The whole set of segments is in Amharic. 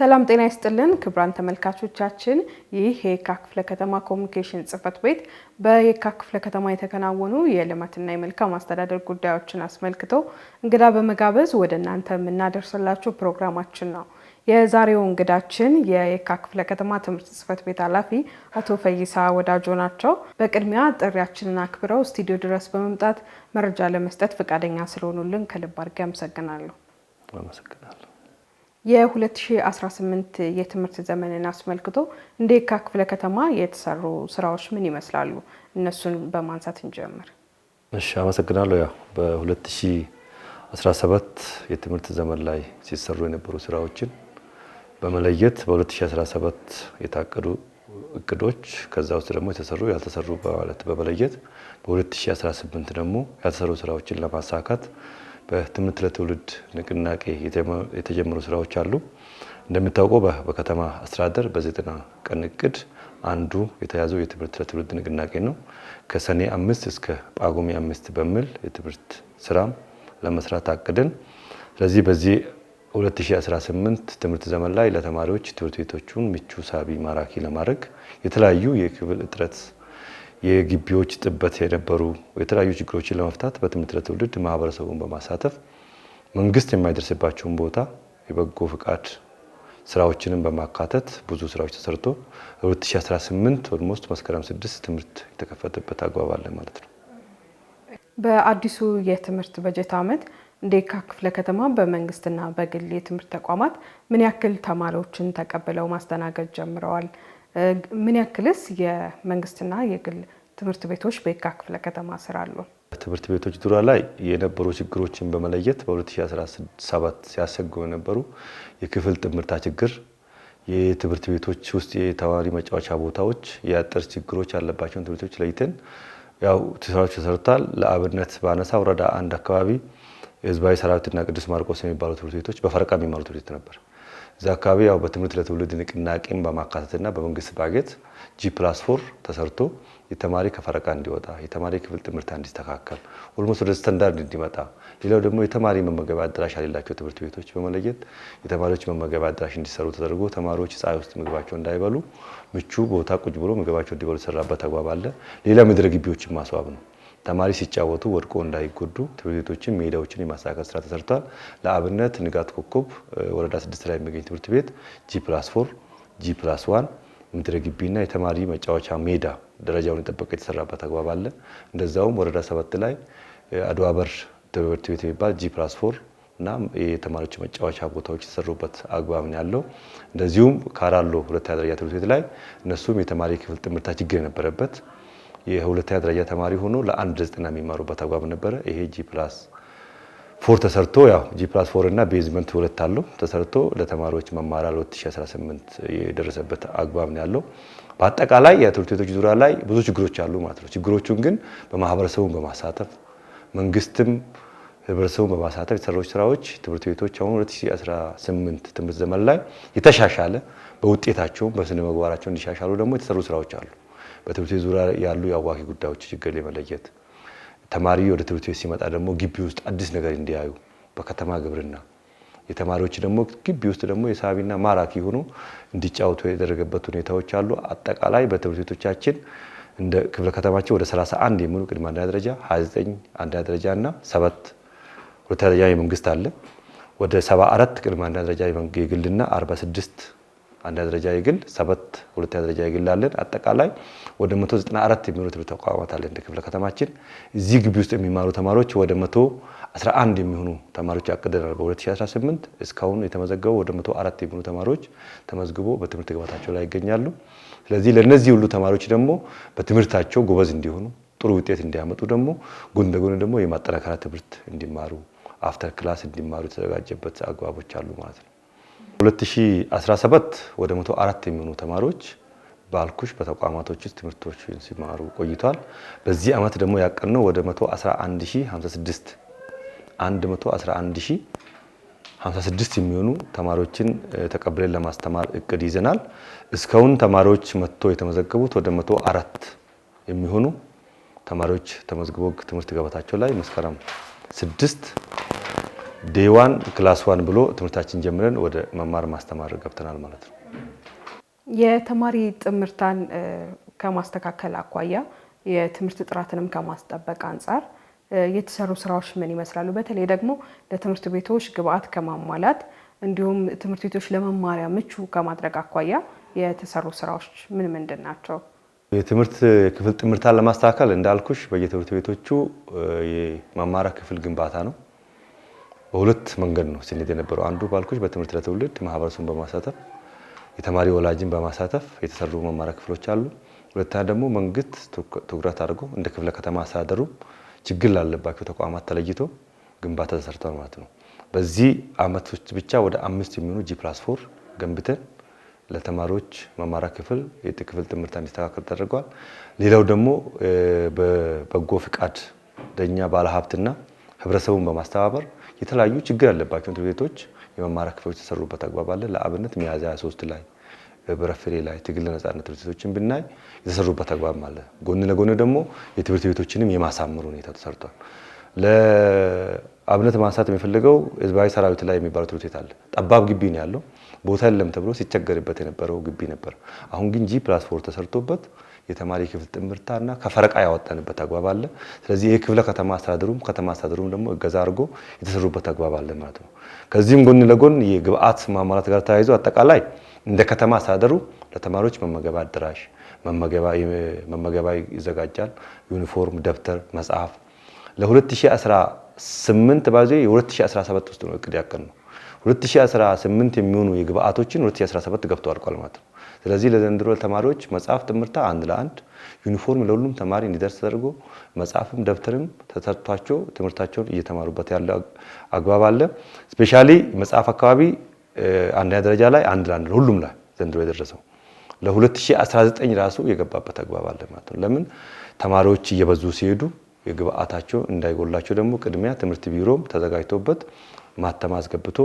ሰላም ጤና ይስጥልን ክቡራን ተመልካቾቻችን፣ ይህ የየካ ክፍለ ከተማ ኮሚኒኬሽን ጽህፈት ቤት በየካ ክፍለ ከተማ የተከናወኑ የልማትና የመልካም አስተዳደር ጉዳዮችን አስመልክቶ እንግዳ በመጋበዝ ወደ እናንተ የምናደርስላችሁ ፕሮግራማችን ነው። የዛሬው እንግዳችን የየካ ክፍለ ከተማ ትምህርት ጽህፈት ቤት ኃላፊ አቶ ፈይሳ ወዳጆ ናቸው። በቅድሚያ ጥሪያችንን አክብረው ስቱዲዮ ድረስ በመምጣት መረጃ ለመስጠት ፈቃደኛ ስለሆኑልን ከልብ አድርጌ አመሰግናለሁ። አመሰግናለሁ። የ2018 የትምህርት ዘመንን አስመልክቶ እንደ የካ ክፍለ ከተማ የተሰሩ ስራዎች ምን ይመስላሉ? እነሱን በማንሳት እንጀምር። እሺ፣ አመሰግናለሁ። ያው በ2017 የትምህርት ዘመን ላይ ሲሰሩ የነበሩ ስራዎችን በመለየት በ2017 የታቀዱ እቅዶች ከዛ ውስጥ ደግሞ የተሰሩ ያልተሰሩ በማለት በመለየት በ2018 ደግሞ ያልተሰሩ ስራዎችን ለማሳካት በትምህርት ለትውልድ ንቅናቄ የተጀመሩ ስራዎች አሉ። እንደሚታወቀው በከተማ አስተዳደር በዘጠና ቀን እቅድ አንዱ የተያዘው የትምህርት ለትውልድ ንቅናቄ ነው። ከሰኔ አምስት እስከ ጳጉሜ አምስት በሚል የትምህርት ስራም ለመስራት አቅደን ስለዚህ በዚህ 2018 ትምህርት ዘመን ላይ ለተማሪዎች ትምህርት ቤቶቹን ምቹ፣ ሳቢ፣ ማራኪ ለማድረግ የተለያዩ የክፍል እጥረት የግቢዎች ጥበት የነበሩ የተለያዩ ችግሮችን ለመፍታት በትምህርት ለትውልድ ማህበረሰቡን በማሳተፍ መንግስት የማይደርስባቸውን ቦታ የበጎ ፍቃድ ስራዎችንም በማካተት ብዙ ስራዎች ተሰርቶ 2018 ኦልሞስት መስከረም 6 ትምህርት የተከፈተበት አግባብ አለ ማለት ነው። በአዲሱ የትምህርት በጀት ዓመት እንዴካ ክፍለ ከተማ በመንግስትና በግል የትምህርት ተቋማት ምን ያክል ተማሪዎችን ተቀብለው ማስተናገድ ጀምረዋል? ምን ያክልስ የመንግስትና የግል ትምህርት ቤቶች በየካ ክፍለ ከተማ ስር አሉ? ትምህርት ቤቶች ዙሪያ ላይ የነበሩ ችግሮችን በመለየት በ2017 ሲያሰጉ የነበሩ የክፍል ጥምርታ ችግር፣ የትምህርት ቤቶች ውስጥ የተማሪ መጫወቻ ቦታዎች፣ የአጥር ችግሮች ያለባቸውን ትምህርት ቤቶች ለይተን ያው ስራዎች ተሰርቷል። ለአብነት ባነሳ ወረዳ አንድ አካባቢ ህዝባዊ ሰራዊትና ቅዱስ ማርቆስ የሚባሉ ትምህርት ቤቶች በፈረቃ የሚማሩ ትምህርት ቤት ነበር። እዚ አካባቢ ያው በትምህርት ለትውልድ ንቅናቄን በማካተትና በመንግስት ባጀት ጂ ፕላስ ፎር ተሰርቶ የተማሪ ከፈረቃ እንዲወጣ የተማሪ ክፍል ትምህርታ እንዲስተካከል ኦልሞስት ወደ ስታንዳርድ እንዲመጣ፣ ሌላው ደግሞ የተማሪ መመገቢያ አዳራሽ ያሌላቸው ትምህርት ቤቶች በመለየት የተማሪዎች መመገቢያ አዳራሽ እንዲሰሩ ተደርጎ ተማሪዎች ፀሐይ ውስጥ ምግባቸው እንዳይበሉ ምቹ ቦታ ቁጭ ብሎ ምግባቸው እንዲበሉ የተሰራበት ተግባብ አለ። ሌላ ምድረ ግቢዎችን ማስዋብ ነው። ተማሪ ሲጫወቱ ወድቆ እንዳይጎዱ ትምህርት ቤቶችን ሜዳዎችን የማስተካከል ስራ ተሰርቷል። ለአብነት ንጋት ኮከብ ወረዳ ስድስት ላይ የሚገኝ ትምህርት ቤት ጂ ፕላስ ፎር ጂ ፕላስ ዋን ምድረ ግቢና የተማሪ መጫወቻ ሜዳ ደረጃውን የጠበቀ የተሰራበት አግባብ አለ። እንደዛውም ወረዳ ሰባት ላይ አድዋ በር ትምህርት ቤት የሚባል ጂ ፕላስ ፎር እና የተማሪዎች መጫወቻ ቦታዎች የተሰሩበት አግባብ ነው ያለው። እንደዚሁም ካራሎ ሁለተኛ ደረጃ ትምህርት ቤት ላይ እነሱም የተማሪ ክፍል ጥምርታ ችግር የነበረበት የሁለተኛ ደረጃ ተማሪ ሆኖ ለአንድ ዘጠና የሚማሩበት አግባብ ነበረ። ይሄ ጂ ፕላስ ፎር ተሰርቶ ያው ጂ ፕላስ ፎር እና ቤዝመንት ሁለት አለው ተሰርቶ ለተማሪዎች መማሪያ 2018 የደረሰበት አግባብ ነው ያለው። በአጠቃላይ የትምህርት ቤቶች ዙሪያ ላይ ብዙ ችግሮች አሉ ማለት ነው። ችግሮቹን ግን በማህበረሰቡን በማሳተፍ መንግስትም ህብረተሰቡን በማሳተፍ የተሰሩ ስራዎች ትምህርት ቤቶች አሁን 2018 ትምህርት ዘመን ላይ የተሻሻለ በውጤታቸውም በስነ ምግባራቸው እንዲሻሻሉ ደግሞ የተሰሩ ስራዎች አሉ። በትምህርት ቤት ዙሪያ ያሉ የአዋኪ ጉዳዮች ችግር የመለየት ተማሪ ወደ ትምህርት ቤት ሲመጣ ደግሞ ግቢ ውስጥ አዲስ ነገር እንዲያዩ በከተማ ግብርና የተማሪዎች ደግሞ ግቢ ውስጥ ደግሞ የሳቢና ማራኪ ሆኖ እንዲጫወቱ የደረገበት ሁኔታዎች አሉ። አጠቃላይ በትምህርት ቤቶቻችን እንደ ክፍለ ከተማችን ወደ 31 የሚሆኑ ቅድመ አንደኛ ደረጃ፣ 29 አንደኛ ደረጃ እና ሰባት ሁለተኛ ደረጃ የመንግስት አለ። ወደ 74 ቅድመ አንደኛ ደረጃ የግልና 46 አንድ ደረጃ የግል ሰበት ሁለተኛ ደረጃ የግል አለን። አጠቃላይ ወደ 194 የሚሆኑ ትምህርት ተቋማት አለን እንደ ክፍለ ከተማችን። እዚህ ግቢ ውስጥ የሚማሩ ተማሪዎች ወደ 111 የሚሆኑ ተማሪዎች አቅደናል። በ2018 እስካሁን የተመዘገበው ወደ 104 የሚሆኑ ተማሪዎች ተመዝግቦ በትምህርት ግባታቸው ላይ ይገኛሉ። ስለዚህ ለእነዚህ ሁሉ ተማሪዎች ደግሞ በትምህርታቸው ጎበዝ እንዲሆኑ ጥሩ ውጤት እንዲያመጡ ደግሞ ጎን ለጎን ደግሞ የማጠናከሪያ ትምህርት እንዲማሩ አፍተር ክላስ እንዲማሩ የተዘጋጀበት አግባቦች አሉ ማለት ነው። 2017 ወደ 104 የሚሆኑ ተማሪዎች ባልኩሽ በተቋማቶች ውስጥ ትምህርቶች ሲማሩ ቆይቷል። በዚህ ዓመት ደግሞ ያቀድነው ወደ 111056 111056 የሚሆኑ ተማሪዎችን ተቀብለን ለማስተማር እቅድ ይዘናል። እስካሁን ተማሪዎች መጥቶ የተመዘገቡት ወደ 104 የሚሆኑ ተማሪዎች ተመዝግበው ትምህርት ገበታቸው ላይ መስከረም 6 ዴዋን ክላስ ዋን ብሎ ትምህርታችን ጀምረን ወደ መማር ማስተማር ገብተናል ማለት ነው። የተማሪ ጥምርታን ከማስተካከል አኳያ የትምህርት ጥራትንም ከማስጠበቅ አንጻር የተሰሩ ስራዎች ምን ይመስላሉ? በተለይ ደግሞ ለትምህርት ቤቶች ግብአት ከማሟላት እንዲሁም ትምህርት ቤቶች ለመማሪያ ምቹ ከማድረግ አኳያ የተሰሩ ስራዎች ምን ምንድን ናቸው? የትምህርት ክፍል ጥምርታን ለማስተካከል እንዳልኩሽ በየትምህርት ቤቶቹ የመማሪያ ክፍል ግንባታ ነው። በሁለት መንገድ ነው ሲኔት የነበረው። አንዱ ባልኮች በትምህርት ለትውልድ ማህበረሰቡን በማሳተፍ የተማሪ ወላጅን በማሳተፍ የተሰሩ መማሪያ ክፍሎች አሉ። ሁለተኛ ደግሞ መንግስት ትኩረት አድርጎ እንደ ክፍለ ከተማ አስተዳደሩ ችግር ላለባቸው ተቋማት ተለይቶ ግንባታ ተሰርተል ማለት ነው። በዚህ አመቶች ብቻ ወደ አምስት የሚሆኑ ጂ ፕላስ ፎር ገንብተን ለተማሪዎች መማሪያ ክፍል ክፍል ትምህርት እንዲስተካከል ተደርጓል። ሌላው ደግሞ በበጎ ደኛ ባለሀብትና ህብረተሰቡን በማስተባበር የተለያዩ ችግር ያለባቸው ትምህርት ቤቶች የመማሪያ ክፍሎች የተሰሩበት አግባብ አለ። ለአብነት ሚያዝያ 23 ላይ በረፍሬ ላይ ትግል ለነጻነት ትምህርት ቤቶችን ብናይ የተሰሩበት አግባብ አለ። ጎን ለጎን ደግሞ የትምህርት ቤቶችንም የማሳመር ሁኔታ ተሰርቷል። ለአብነት ማንሳት የሚፈልገው ህዝባዊ ሰራዊት ላይ የሚባለው ትምህርት ቤት አለ። ጠባብ ግቢ ነው ያለው ቦታ የለም ተብሎ ሲቸገርበት የነበረው ግቢ ነበር። አሁን ግን ጂ ፕላስ ፎር ተሰርቶበት የተማሪ ክፍል እና ከፈረቃ ያወጣንበት አግባብ አለ። ስለዚህ ይህ ክፍለ ከተማ አስተዳደሩም ከተማ አስተዳደሩም ደግሞ እገዛ አድርጎ የተሰሩበት አግባብ አለ ማለት ነው። ከዚህም ጎን ለጎን የግብአት ማሟላት ጋር ተያይዞ አጠቃላይ እንደ ከተማ አስተዳደሩ ለተማሪዎች መመገቢያ አዳራሽ መመገቢያ ይዘጋጃል። ዩኒፎርም፣ ደብተር፣ መጽሐፍ ለ2018 ባዜ የ2017 ውስጥ ነው እቅድ ያቀን ነው 2018 የሚሆኑ የግብአቶችን 2017 ገብቶ አልቋል ማለት ነው። ስለዚህ ለዘንድሮ ተማሪዎች መጽሐፍ ትምህርታ አንድ ለአንድ ዩኒፎርም ለሁሉም ተማሪ እንዲደርስ ተደርጎ መጽሐፍም ደብተርም ተሰርቷቸው ትምህርታቸውን እየተማሩበት ያለ አግባብ አለ። ስፔሻሊ መጽሐፍ አካባቢ አንደኛ ደረጃ ላይ አንድ ለአንድ ሁሉም ላይ ዘንድሮ የደረሰው ለ2019 ራሱ የገባበት አግባብ አለ ማለት ነው። ለምን ተማሪዎች እየበዙ ሲሄዱ የግብአታቸው እንዳይጎላቸው ደግሞ ቅድሚያ ትምህርት ቢሮም ተዘጋጅቶበት ማተማ አስገብቶ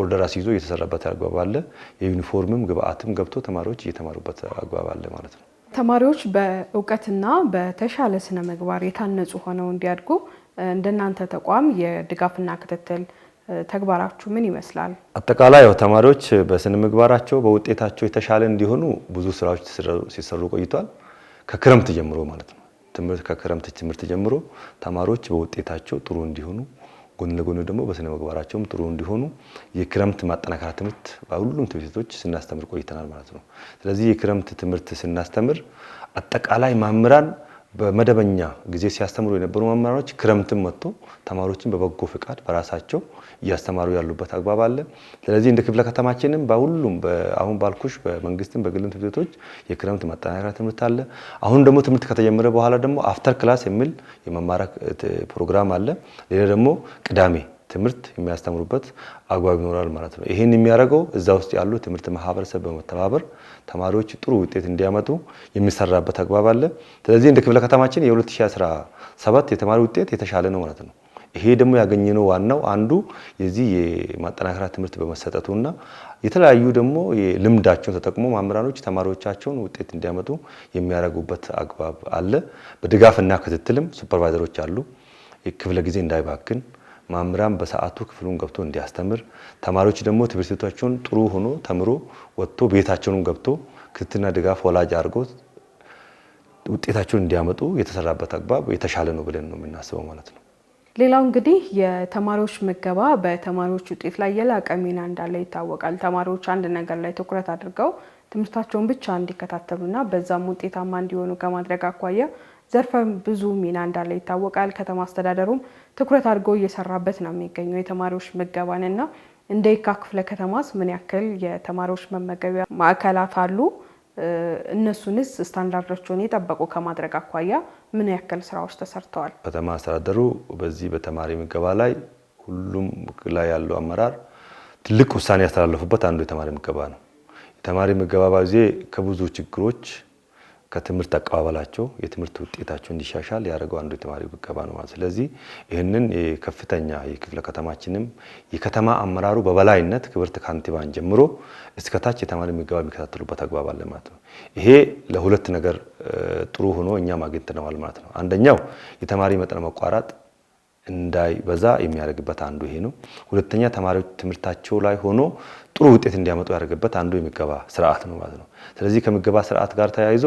ኦርደር አስይዞ እየተሰራበት አግባብ አለ። የዩኒፎርምም ግብአትም ገብቶ ተማሪዎች እየተማሩበት አግባብ አለ ማለት ነው። ተማሪዎች በእውቀትና በተሻለ ስነ ምግባር የታነጹ ሆነው እንዲያድጉ እንደናንተ ተቋም የድጋፍና ክትትል ተግባራችሁ ምን ይመስላል? አጠቃላይ ተማሪዎች በስነ ምግባራቸው በውጤታቸው የተሻለ እንዲሆኑ ብዙ ስራዎች ሲሰሩ ቆይቷል። ከክረምት ጀምሮ ማለት ነው። ከክረምት ትምህርት ጀምሮ ተማሪዎች በውጤታቸው ጥሩ እንዲሆኑ ጎን ለጎን ደግሞ በስነ ምግባራቸውም ጥሩ እንዲሆኑ የክረምት ማጠናከሪያ ትምህርት በሁሉም ትምህርት ቤቶች ስናስተምር ቆይተናል ማለት ነው። ስለዚህ የክረምት ትምህርት ስናስተምር አጠቃላይ መምህራን በመደበኛ ጊዜ ሲያስተምሩ የነበሩ መምህራኖች ክረምትም መጥቶ ተማሪዎችን በበጎ ፍቃድ በራሳቸው እያስተማሩ ያሉበት አግባብ አለ። ስለዚህ እንደ ክፍለ ከተማችንም በሁሉም አሁን ባልኩሽ በመንግስትም በግልም ትምህርት ቤቶች የክረምት ማጠናከሪያ ትምህርት አለ። አሁን ደግሞ ትምህርት ከተጀመረ በኋላ ደግሞ አፍተር ክላስ የሚል የመማሪያ ፕሮግራም አለ። ሌላ ደግሞ ቅዳሜ ትምህርት የሚያስተምሩበት አግባብ ይኖራል ማለት ነው። ይህን የሚያደርገው እዛ ውስጥ ያሉ ትምህርት ማህበረሰብ በመተባበር ተማሪዎች ጥሩ ውጤት እንዲያመጡ የሚሰራበት አግባብ አለ። ስለዚህ እንደ ክፍለ ከተማችን የ2017 የተማሪ ውጤት የተሻለ ነው ማለት ነው። ይሄ ደግሞ ያገኘነው ዋናው አንዱ የዚህ የማጠናከሪያ ትምህርት በመሰጠቱና የተለያዩ ደግሞ ልምዳቸውን ተጠቅሞ መምህራኖች ተማሪዎቻቸውን ውጤት እንዲያመጡ የሚያደርጉበት አግባብ አለ። በድጋፍና ክትትልም ሱፐርቫይዘሮች አሉ። ክፍለ ጊዜ እንዳይባክን መምህራን በሰዓቱ ክፍሉን ገብቶ እንዲያስተምር፣ ተማሪዎች ደግሞ ትምህርት ጥሩ ሆኖ ተምሮ ወጥቶ ቤታቸውን ገብቶ ክትትልና ድጋፍ ወላጅ አድርጎ ውጤታቸውን እንዲያመጡ የተሰራበት አግባብ የተሻለ ነው ብለን ነው የምናስበው ማለት ነው። ሌላው እንግዲህ የተማሪዎች ምገባ በተማሪዎች ውጤት ላይ የላቀ ሚና እንዳለ ይታወቃል። ተማሪዎች አንድ ነገር ላይ ትኩረት አድርገው ትምህርታቸውን ብቻ እንዲከታተሉና በዛም ውጤታማ እንዲሆኑ ከማድረግ አኳያ ዘርፈ ብዙ ሚና እንዳለ ይታወቃል። ከተማ አስተዳደሩም ትኩረት አድርጎ እየሰራበት ነው የሚገኘው የተማሪዎች ምገባንና እንደ የካ ክፍለ ከተማስ ምን ያክል የተማሪዎች መመገቢያ ማዕከላት አሉ? እነሱንስ ስታንዳርዶቸውን የጠበቁ ከማድረግ አኳያ ምን ያክል ስራዎች ተሰርተዋል? ከተማ አስተዳደሩ በዚህ በተማሪ ምገባ ላይ ሁሉም ላይ ያለው አመራር ትልቅ ውሳኔ ያስተላለፉበት አንዱ የተማሪ ምገባ ነው። የተማሪ ምገባ ባዜ ከብዙ ችግሮች ከትምህርት አቀባበላቸው የትምህርት ውጤታቸው እንዲሻሻል ያደረገው አንዱ የተማሪ ምገባ ነው ማለት። ስለዚህ ይህንን የከፍተኛ የክፍለ ከተማችንም የከተማ አመራሩ በበላይነት ክብርት ካንቲባን ጀምሮ እስከታች የተማሪ ምገባ የሚከታተሉበት አግባብ አለ ማለት ነው። ይሄ ለሁለት ነገር ጥሩ ሆኖ እኛም አግኝተነዋል ማለት ነው። አንደኛው የተማሪ መጠነ መቋረጥ እንዳይበዛ የሚያደርግበት አንዱ ይሄ ነው። ሁለተኛ ተማሪዎች ትምህርታቸው ላይ ሆኖ ጥሩ ውጤት እንዲያመጡ ያደርግበት አንዱ የምገባ ስርዓት ነው ማለት ነው። ስለዚህ ከምገባ ስርዓት ጋር ተያይዞ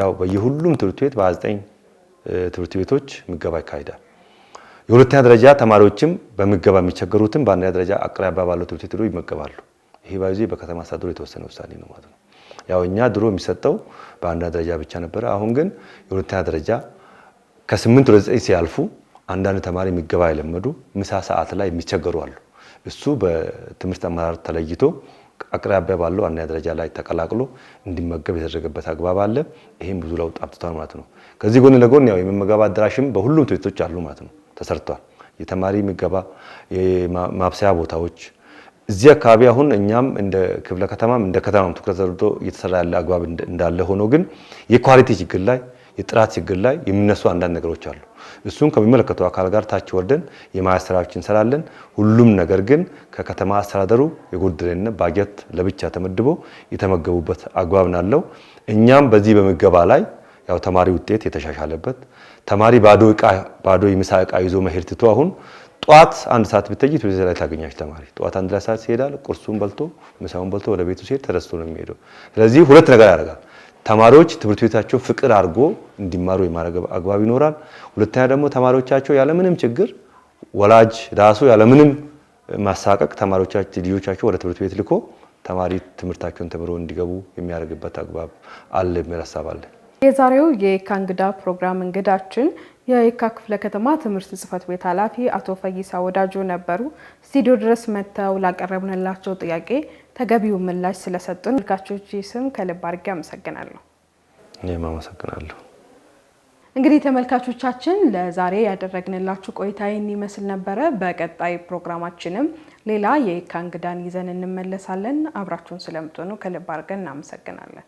ያው በየሁሉም ትምህርት ቤት በዘጠኝ ትምህርት ቤቶች ምገባ ይካሄዳል። የሁለተኛ ደረጃ ተማሪዎችም በምገባ የሚቸገሩትም በአንደኛ ደረጃ አቅራቢያ ባለው ትምህርት ቤት ሄዶ ይመገባሉ። ይሄ ባይዞ በከተማ አስተዳደሩ የተወሰነ ውሳኔ ነው ማለት ነው። ያው እኛ ድሮ የሚሰጠው በአንደኛ ደረጃ ብቻ ነበረ። አሁን ግን የሁለተኛ ደረጃ ከስምንት ወደ ዘጠኝ ሲያልፉ አንዳንድ ተማሪ ምገባ የለመዱ ምሳ ሰዓት ላይ የሚቸገሩ አሉ። እሱ በትምህርት አመራር ተለይቶ አቅራቢያ ባለው አንደኛ ደረጃ ላይ ተቀላቅሎ እንዲመገብ የተደረገበት አግባብ አለ። ይህም ብዙ ለውጥ አምጥቷል ማለት ነው። ከዚህ ጎን ለጎን ያው የመመገብ አዳራሽም በሁሉም ትምህርት ቤቶች አሉ ማለት ነው ተሰርቷል። የተማሪ ምገባ፣ ማብሰያ ቦታዎች እዚህ አካባቢ አሁን እኛም እንደ ክፍለ ከተማም እንደ ከተማም ትኩረት ተደርጎ እየተሰራ ያለ አግባብ እንዳለ ሆኖ ግን የኳሊቲ ችግር ላይ የጥራት ችግር ላይ የሚነሱ አንዳንድ ነገሮች አሉ። እሱን ከሚመለከተው አካል ጋር ታች ወርደን የማያ ስራዎች እንሰራለን። ሁሉም ነገር ግን ከከተማ አስተዳደሩ የጎደለና ባጀት ለብቻ ተመድቦ የተመገቡበት አግባብ ናለው። እኛም በዚህ በምገባ ላይ ያው ተማሪ ውጤት የተሻሻለበት ተማሪ ባዶ ዕቃ ባዶ የምሳ ዕቃ ይዞ መሄድ ትቶ አሁን ጠዋት አንድ ሰዓት ብትሄጂ ትምህርት ላይ ታገኛች። ተማሪ ጠዋት አንድ ሰዓት ሲሄዳል፣ ቁርሱን በልቶ ምሳውን በልቶ ወደ ቤቱ ሲሄድ ተረስቶ ነው የሚሄደው። ስለዚህ ሁለት ነገር ያደርጋል። ተማሪዎች ትምህርት ቤታቸው ፍቅር አድርጎ እንዲማሩ የማድረግ አግባብ ይኖራል። ሁለተኛ ደግሞ ተማሪዎቻቸው ያለምንም ችግር ወላጅ ራሱ ያለምንም ማሳቀቅ ተማሪዎቻቸው ልጆቻቸው ወደ ትምህርት ቤት ልኮ ተማሪ ትምህርታቸውን ተምሮ እንዲገቡ የሚያደርግበት አግባብ አለ የሚል ሀሳብ አለ። የዛሬው የየካ እንግዳ ፕሮግራም እንግዳችን የየካ ክፍለ ከተማ ትምህርት ጽፈት ቤት ኃላፊ አቶ ፈይሳ ወዳጆ ነበሩ። ስቱዲዮ ድረስ መጥተው ላቀረብንላቸው ጥያቄ ተገቢው ምላሽ ስለሰጡን ልካቾች ስም ከልብ አድርጌ አመሰግናለሁ። እኔም አመሰግናለሁ። እንግዲህ ተመልካቾቻችን ለዛሬ ያደረግንላችሁ ቆይታ ይህን ይመስል ነበረ። በቀጣይ ፕሮግራማችንም ሌላ የየካ እንግዳን ይዘን እንመለሳለን። አብራችሁን ስለምትሆኑ ከልብ አድርገን እናመሰግናለን።